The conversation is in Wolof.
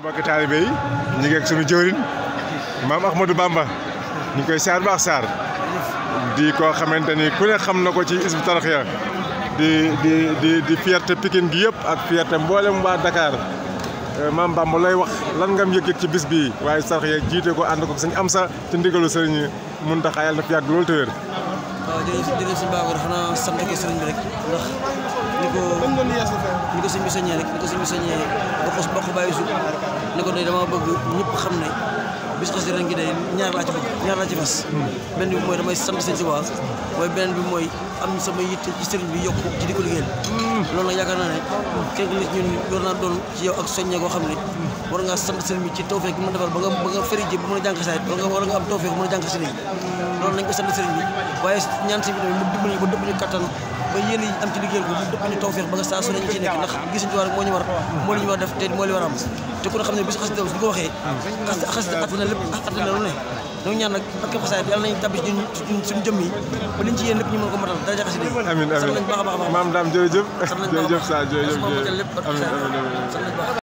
Bagi taalibe yi ñu ngi ak sunu jëwriñ maam Ahmadou Bamba ñu koy saar saar di koo xamante ni ku ne xam na ko ci di di di di fierté Pikine gi yëpp ak fierté mboolem waa Dakar eh, maam Bamba lay wax lan ngam yëg ci bis bii waaye Tarqiyyah jiite ko ànd ko sëñ Amsa ci ndigalu sëriñ Muntaxa yàlla fi yàgg sant ko bi rek ndax ni ni ko sëñ bi soññee rek ni ko sëñ bi soññee bokk bokk bàyyi su ne ko doy dama bëgg ñëpp xam ne bis xasida ren gi day ñaar laa ci bëgg ñaar laa ci fas benn bi mooy damay sant sëñ si waa waaye beneen bi mooy am sama yitte ci sëriñ bi yokku ci di ko loolu nag yaakaar naa ne kenn ku nekk bi mu a a dëpp ñu kattan ba yéen yi am ci liggéeyal ko mu dëpp ñu tawfeex ba nga saa su nañu ci nekk ndax gis ñu war moo ñu war moo li ñu war def te moo li war am te ku ne xam ne bis xasida bu ko waxee xasida at na lépp àttali na lu ne ñoo ñaan nag barke xasaay yàlla nañu tabbi ci ñun suñu jëm yi ba liñ ci yéen lépp ñu dara jaxasi dégg amiin amiin sant nañ baax a baax maam daam jërëjëf sa jërëjëf amiin